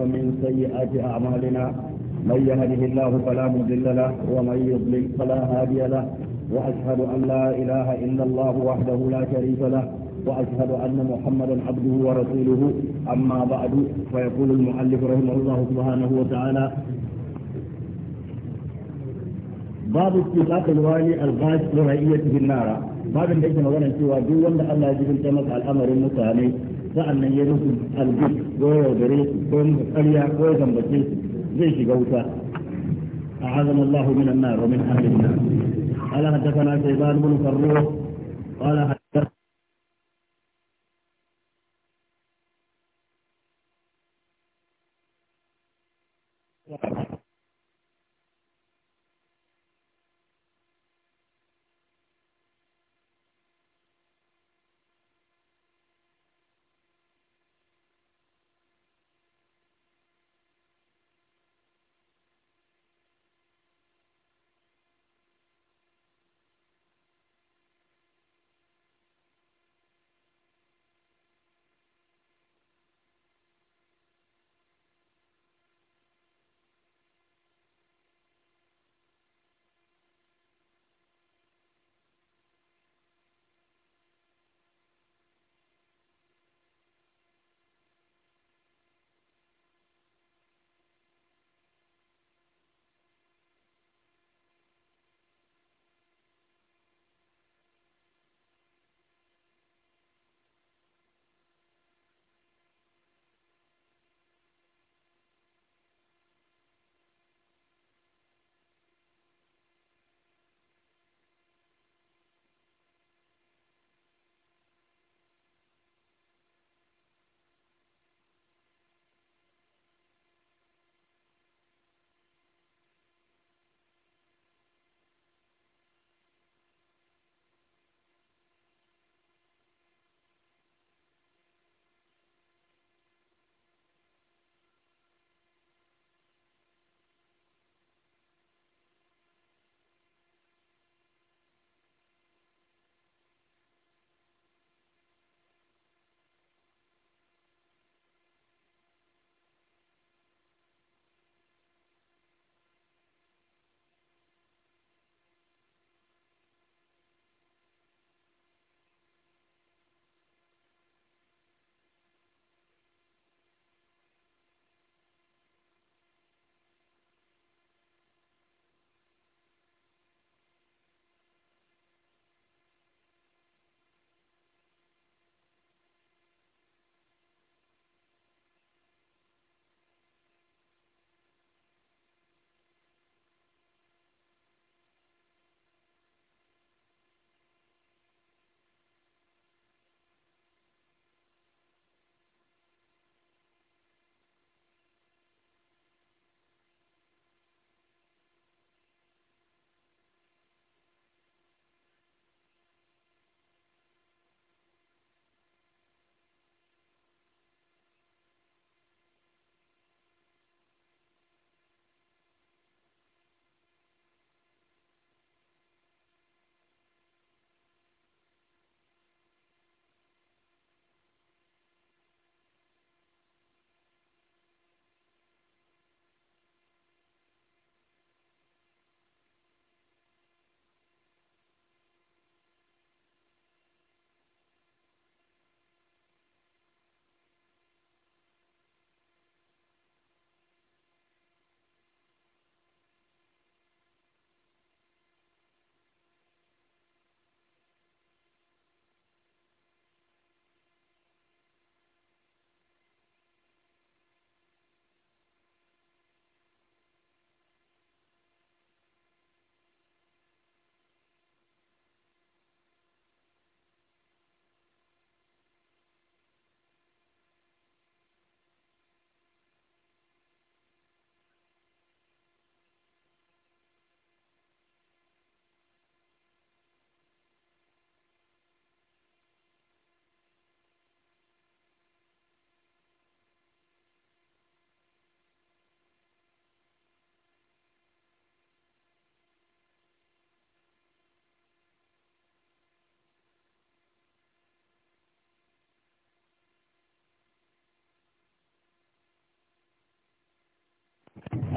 ومن سيئات أعمالنا من يهده الله فلا مضل له ومن يضلل فلا هادي له وأشهد أن لا إله إلا الله وحده لا شريك له وأشهد أن محمدا عبده ورسوله أما بعد فيقول المؤلف رحمه الله سبحانه وتعالى باب اتفاق الوالي الغاش لرعيته النار باب da yake سوى cewa duk الله Allah ya jibinta masa al'amarin sa'annan ya nufi albi ko ya gare su ko nufi ƙarya ko ya zambace su zai shiga wuta allahu أعاذنا الله من النار ومن أهل النار قال حدثنا شيبان بن فروح قال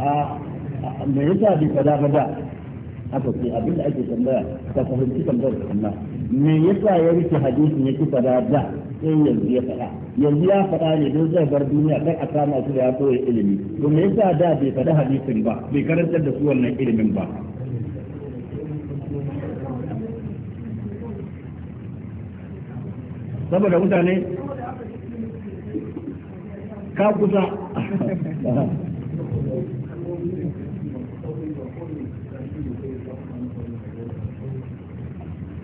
a me yasa bai fada ba da haka ce abinda ake tambaya ka fahimci tambayar Allah me yasa ya rike hadisin yake fada da sai yanzu ya faɗa. yanzu ya faɗa ne don zai bar duniya kar a kama su da ya koyi ilimi to me yasa da bai fada hadisin ba bai karantar da su wannan ilimin ba saboda mutane ka kusa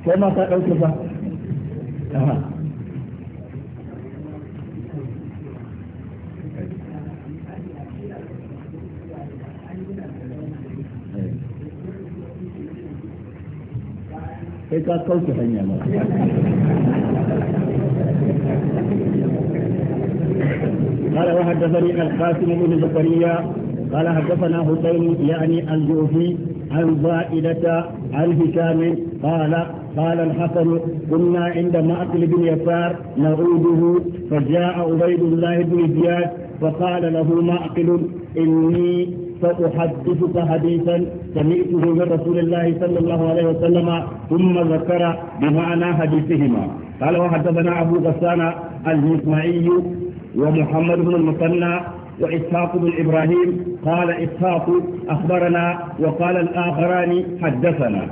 كما ma ka أها قال وحدثني القاسم بن زكريا قال حدثنا حسين يعني الجوفي عن زائدة عن هشام قال قال الحسن كنا عند مأكل بن يسار نعوده فجاء عبيد الله بن زياد فقال له مأكل إني سأحدثك حديثا سمعته من رسول الله صلى الله عليه وسلم ثم ذكر بمعنى حديثهما قال وحدثنا أبو غسان المسمعي ومحمد بن المثنى وإسحاق بن إبراهيم قال إسحاق أخبرنا وقال الآخران حدثنا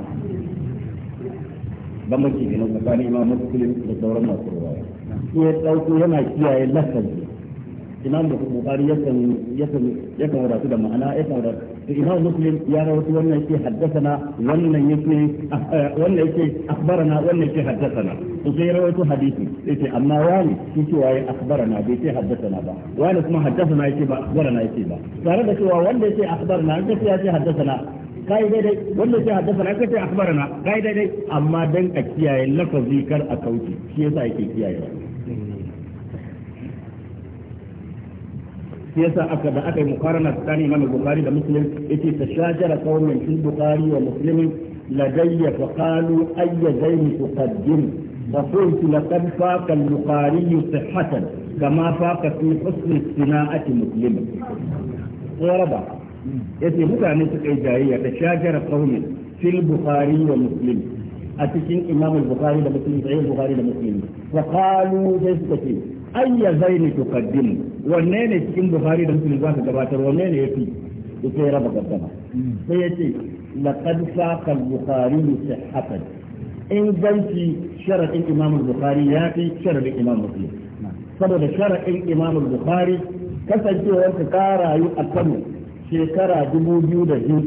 bambanci ne tsakanin imam muslim da sauran masu ruwaya shi ya dauko yana kiyaye lafazi imam kuma yakan yakan yakan wadatu da ma'ana yakan wadatu imam muslim ya rawaito wannan yake haddathana wannan yake wannan yake na wannan yake na to sai rawaito hadisi ce amma wani shi ce waye na bai ce na ba wani kuma haddathana yake ba akhbarana yake ba tare da cewa wanda yake akbara na ya ce na. kai daidai wannan sai haddasa na kace akhbarana kai daidai amma dan a kiyaye lafazi kar a kauce shi yasa yake kiyaye shi yasa aka da aka yi mukarana tsakanin Imam Bukhari da Muslim yace tashajara qawmin fil Bukhari wa Muslim ladayya fa qalu ayya zayn tuqaddim فقلت لقد فاق البخاري صحة كما فاق في حسن الصناعة مسلم. وربع yace mutane suka yi jayayya da shajara qaumi fil bukhari wa muslim a cikin imam al-bukhari da muslim sai al-bukhari da muslim wa qalu sai suka ce ayya zaini tuqaddim wanne ne cikin bukhari da muslim zaka gabatar wanne ne yafi yace raba gaddama sai yace laqad saqa al-bukhari sihhatan inganci sharadin imam al-bukhari ya fi sharadin imam muslim saboda sharadin imam al-bukhari kasancewar ka rayu a Kano shekara dubu biyu da biyu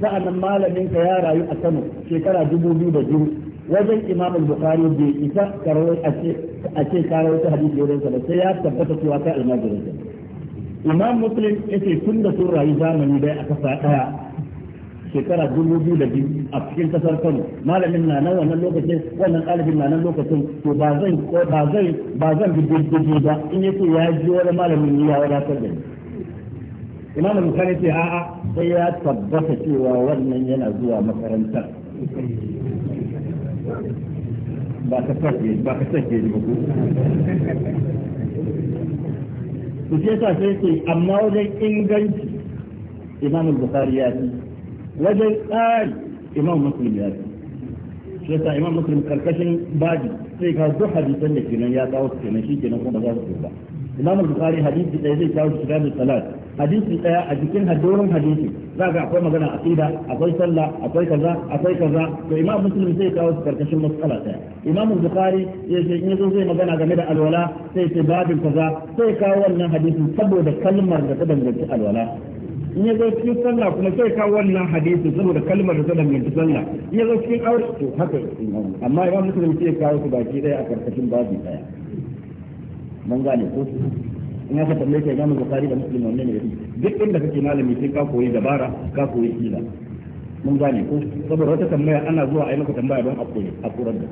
sa'annan malamin ka ya rayu a Kano shekara dubu biyu da biyu wajen Imam Bukhari bai isa karawai a ce karawai ta hadisi wurin sa sai ya tabbata cewa kai almajirin sa Imam Muslim yace tun da sun rayu zamani dai a kasa daya shekara dubu biyu da biyu a cikin kasar Kano malamin na nan wannan lokacin wannan ɗalibin na nan lokacin to ba zan ba zan ba zan bi ba in yace ya ji wani malamin ya wadatar da ni imam al-bukhari ce a'a sai ya tabbata cewa wannan yana zuwa makaranta ba ka sake ba ka sake ba ku su ce ta sai ce amma wajen inganci imam al-bukhari ya ce wajen tsari imam muslim ya ce shi yasa imam muslim karkashin baji sai ka duk hadisan da kenan ya kawo kenan shi kenan kuma za su ba imam al-bukhari hadisi ɗaya zai kawo shi kitabul salat hadisi daya a cikin hadorin hadisi za ga akwai magana a tsida akwai sallah akwai kaza akwai kaza to imam muslim zai kawo su karkashin matsala daya imam bukhari ya ce in yazo zai magana game da alwala sai ce babin kaza sai kawo wannan hadisin saboda kalmar da ta danganci alwala in ya zo cikin sallah kuma sai kawo wannan hadisi saboda kalmar da ta danganci sallah in ya zo cikin aure to haka amma imam muslim sai kawo su baki daya a karkashin babin daya mun gane ko in aka tambaye ka imamu bukari da muslim wannan ne duk inda kake malami sai ka koyi dabara ka koyi hila mun gane ko saboda wata tambaya ana zuwa a yi maka tambaya don a koyi a kurar da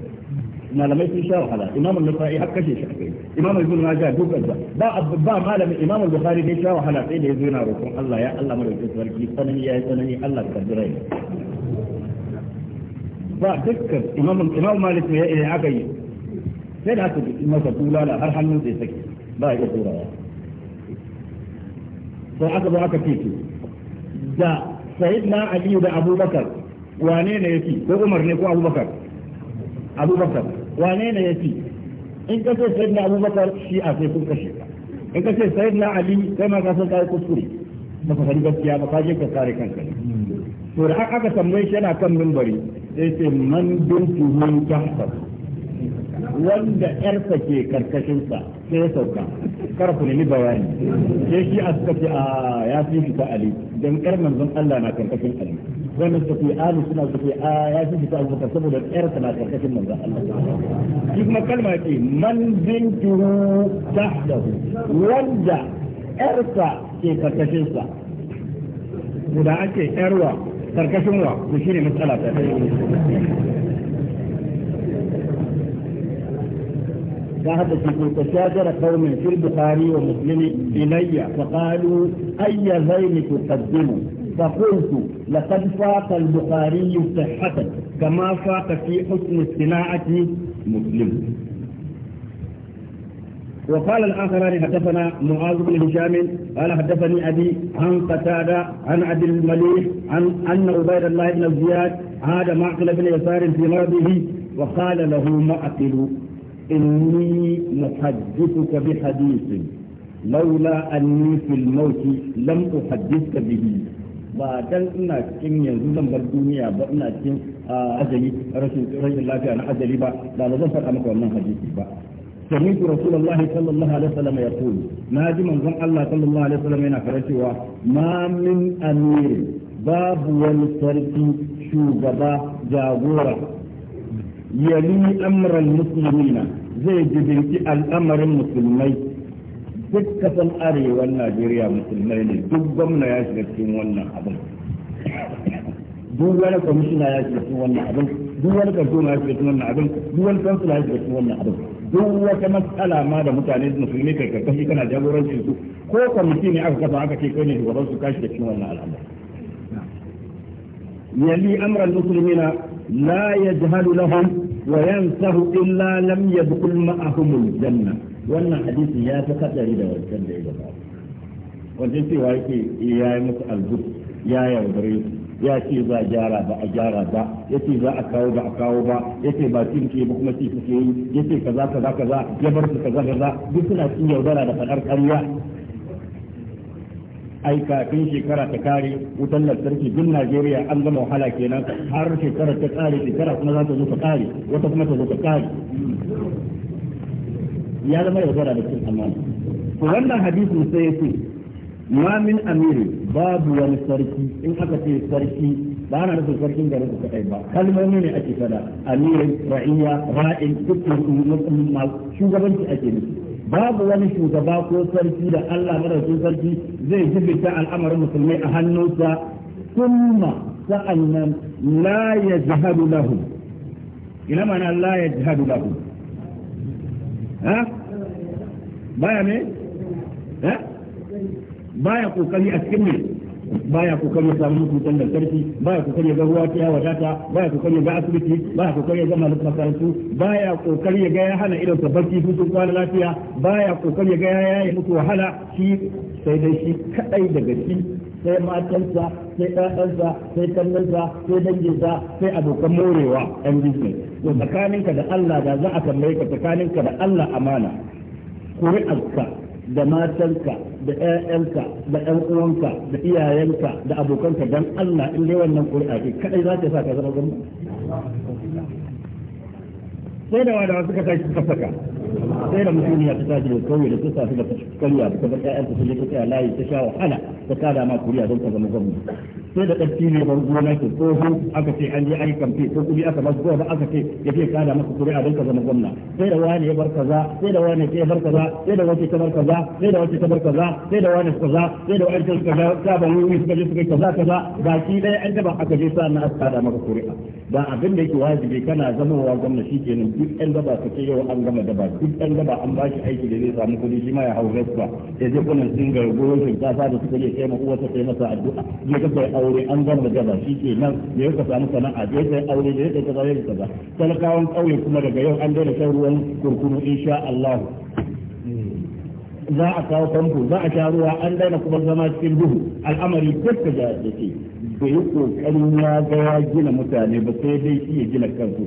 malamai sun sha wahala imamu nasa'i har kashe shi akai imamu ibn majah duk da ba ba malami imamu bukhari ne sha wahala sai da yazo yana roƙon Allah ya Allah madaukakin sarki sanani yayi sanani Allah ka jira ni ba dukkan imamu imamu malik ne ya aka yi sai da aka masa bulala har hannun sai sake ba ya turawa sai aka zo aka ce da sayid na aliyu da abubakar wane ne fi ko umar ne ko abubakar abubakar wane ne fi in ka ce sayid na abubakar shi a sai kun kashe in ka ce sayid na ali kai ma ka san kai kuskure ba ka gaskiya ba ka je ka kare kanka ne to da aka tambaye shi yana kan minbari sai ce man bintu man tahsab wanda yarsa ke karkashinsa sai ya sauka kar ku nemi bayani ke shi a suka ce a ya fi shi ta ali don yar manzon Allah na karkashin ali wannan suka ce ali suna suka ce a ya fi shi ta abubakar saboda yarsa na karkashin manzon Allah shi kuma kalma ce man bintuhu tahdahu wanda yarsa ke karkashinsa guda ake yarwa karkashin wa shi ne matsala ta في تشاجر قوم في البخاري ومسلم إلي فقالوا أي ذيل تقدم فقلت لقد فاق البخاري صحة كما فاق في حسن الصناعة مسلم وقال الاخر حدثنا معاذ بن هشام قال حدثني أبي عن قتادة عن عبد المليح عن أن عبيد الله بن زياد عاد معقل بن يسار في مرضه وقال له معقل إني محدثك بحديث لولا أني في الموت لم أحدثك به ba dan ina cikin yanzu zan bar duniya ba ina cikin ajali rashin rashin lafiya na ajali ba da ba zan faɗa maka wannan hadisi ba سمعت رسول الله صلى الله عليه وسلم يقول ما دي من ظن الله صلى الله عليه وسلم هنا فرشوا ما من أمير باب والسرق شوغبا جاغورة yali amran muslimina zai jibinci al'amarin musulmai duk kasan arewa Najeriya musulmai ne duk gwamna ya shiga cikin wannan abin duk wani kwamishina ya shiga cikin wannan abin duk wani kantoma ya shiga cikin wannan abin duk wani kansula ya shiga cikin wannan abin duk wata matsala ma da mutane musulmi kai karkashi kana jagorancin su ko kwamiti ne aka kafa aka ce kai ne shugaban su kashi da cikin wannan al'amari yali amran muslimina la yajhalu lahum wa yansahu illa lam yadkhul ma'ahum janna wannan hadisi ya fi kadari da wancan da ya gabata wajen ce yake ya yi musu albus ya yaudare ya ce za a gyara ba a gyara ba ya ce za a kawo ba a kawo ba ya ce ba cin ke ba kuma ci suke yi ya ce kaza kaza kaza ya bar su kaza kaza duk suna cin yaudara da fadar kariya. ai kafin shekara ta kare wutar lantarki duk Najeriya an gama wahala kenan har shekara ta kare shekara kuma za ta zo ta kare wata kuma ta zo ta kare ya zama yaudara da cikin amana to wannan hadisin sai yace ma min amiri babu wani sarki in aka ce sarki ba na nufin sarkin garin su kadai ba kalmomi ne ake fada amirin ra'iya ra'in dukkan shugabanci ake nufi babu wani shugaba ko sarki da Allah madaukin sarki zai jibita al'amarin musulmai a hannunsa kuma sa'annan la yajhadu lahu ina mana la lahu ha baya ha baya kokari a cikin baya kokari ya samu mutuntan lantarki baya kokari ya ga ruwa ta wadata baya kokari ya ga asibiti baya kokari ya ga malaman makarantu baya kokari ya ga ya hana irin tabbaci hutun kwana lafiya baya kokari ya ga ya mutu wahala shi sai dai shi kadai daga shi sai matansa sai ɗansa sai kallonsa sai danginsa sai abokan morewa ɗan business to tsakaninka da Allah da za a tambaye ka tsakaninka da Allah amana kuri'arka da matanka da ƴaƴanka da ƴan uwanka da iyayenka da abokanka dan Allah in dai wannan Qur'ani kadai za ka sa ka zama gwamnati sai da wadawa suka tashi suka saka sai da mutum ya tashi da kauye da kusa suka tashi kariya suka bar ƴaƴan su sun tsaya layi ta sha wahala ta kada ma kuriya don ka zama gwamna sai da ƙarfi ne ban gona ke tsoho aka ce an je an kamfe ko kuma aka masu ba aka ce ya ce kada maka kuriya don ka zama gwamna sai da wani ya bar kaza sai da wani ya bar kaza sai da wani ya bar kaza sai da wani ya bar kaza sai da wani kaza sai da wani kaza ga ba wuri suka je suka kaza kaza baki ɗaya an taba aka je sa na aka kada maka kuri'a ba abin da yake wajibi kana zamowa gwamna shi kenan duk ɗan daba ka ce yau an gama daba duk ɗan daba an ba shi aiki da zai samu kuɗi shi ma ya hau gaskiya ya je kunan sun ga goyon shinkafa da suka je kai ma uwarsa kai masa addu'a ya ka kai aure an gama daba shi kenan ya ka samu sana'a ya kai aure ya kai kaza ya kaza talakawan ƙauye kuma daga yau an daina shan ruwan kurkunu insha Allah za a kawo famfo za a sha ruwa an daina kuma zama cikin duhu al'amari duk da yake bai yi kokarin ya ga ya gina mutane ba sai dai shi ya gina kansu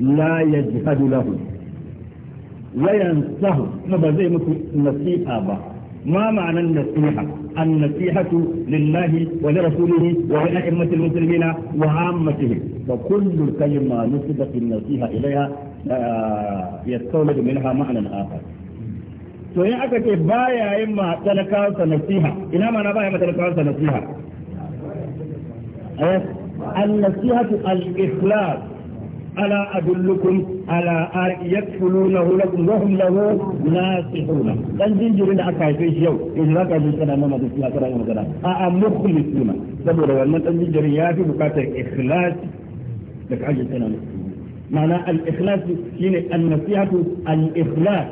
la ya jihadu lahu wayan sahu kuma ba zai musu nasiha ba ما معنى النصيحة؟ النصيحة لله ولرسوله ولأئمة المسلمين وعامتهم وكل كلمة نسبت النصيحة إليها يستولد منها معنى آخر to in aka ce baya yin ma talakawansa nasiha ina ma na baya ma talakawansa nasiha إيه؟ النصيحة الإخلاص ألا أدلكم على آل يكفلونه لكم وهم له ناصحون تنزل جرين أكاي في الشيو إذا لك أجل سنة ما مدى فيها ترى يوم ترى أمخلصون تبور وأن تنزل جرين يافي بقاطع إخلاص لك أجل سنة معنى الإخلاص هنا النصيحة الإخلاص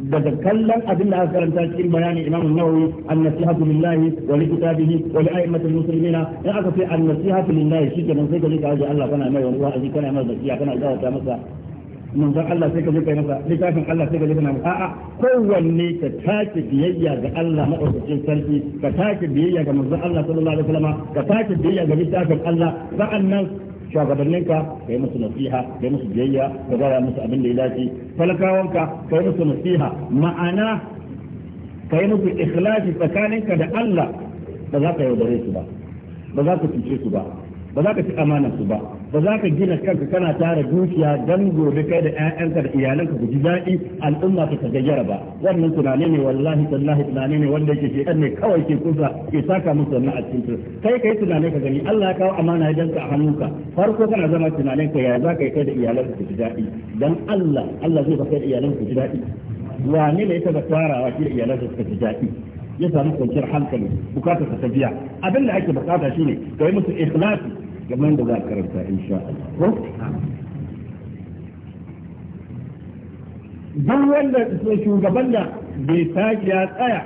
daga kallon abin da aka karanta cikin bayanin Imam Nawawi an-nasihatu lillahi wa li kitabihi wa li a'immatil muslimina in aka ce an-nasihatu lillahi shikenan sai ka ji ka ji Allah kana mai wani wa'azi kana mai zakiya kana gawata masa manzon Allah sai ka je kai masa littafin Allah sai ka je kana a'a kowanne ka take biyayya ga Allah madaukakin sarki ka take biyayya ga manzon Allah sallallahu alaihi wasallam ka take biyayya ga littafin Allah sa'annan shugabanninka ka yi musu nasiha ka yi musu biyayya ka gaya musu abin da ya dace ka kai musu nasiha ma'ana kai musu ikhlasi tsakaninka da Allah ba za ka yaudare su ba ba za ka cuce su ba ba za ka ci amana su ba ba za ka gina kanka kana tara dukiya dan gobe kai da ƴaƴanka da iyalanka ku ji daɗi al'umma ta tagayyara ba wannan tunani ne wallahi tallahi tunani ne wanda yake shedan ne kawai ke kusa ke saka musu wannan a cikin kai kai tunani ka gani Allah ya kawo amana ya ka a hannunka farko kana zama tunanin ka ya za ka kai da iyalanka ku ji daɗi dan Allah Allah zai kai da iyalanka ku ji daɗi wane ne ya taɓa tarawa shi iyalanka ku ji daɗi ya samu kwanciyar hankali bukatar ta biya abin da ake bukata shine kai musu ikhlasi gaban da za a karanta insha Allah duk wanda shugaban da bai sake ya tsaya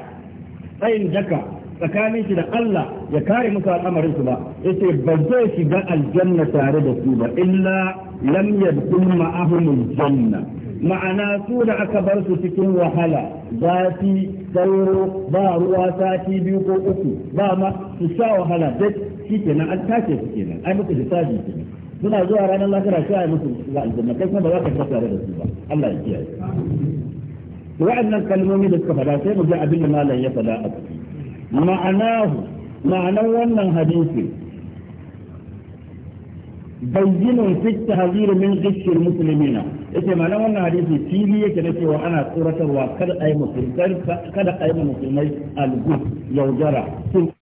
tsayin daka tsakanin shi da Allah ya kare musu al'amarin su ba ce ba zai shiga aljanna tare da su ba illa lam yadkhul ma'ahum janna ma'ana su da aka bar su cikin wahala zafi sauro ba ruwa sati biyu ko uku ba ma su sha wahala duk shi kenan an tace su kenan ai musu hisabi kenan suna zuwa ranar lahira sai ai musu ga aljanna kai kuma ba za ka fita tare da su ba Allah ya kiyaye wa'annan kalmomi da suka fada sai mu ga abin da malam ya fada a ciki ma'anahu ma'anar wannan hadisi bayyinun fi tahzir min ghishil muslimina yace ma'ana wannan hadisi fili yake na cewa ana tsoratarwa kada ayi musulmai kada ayi musulmai algus yaudara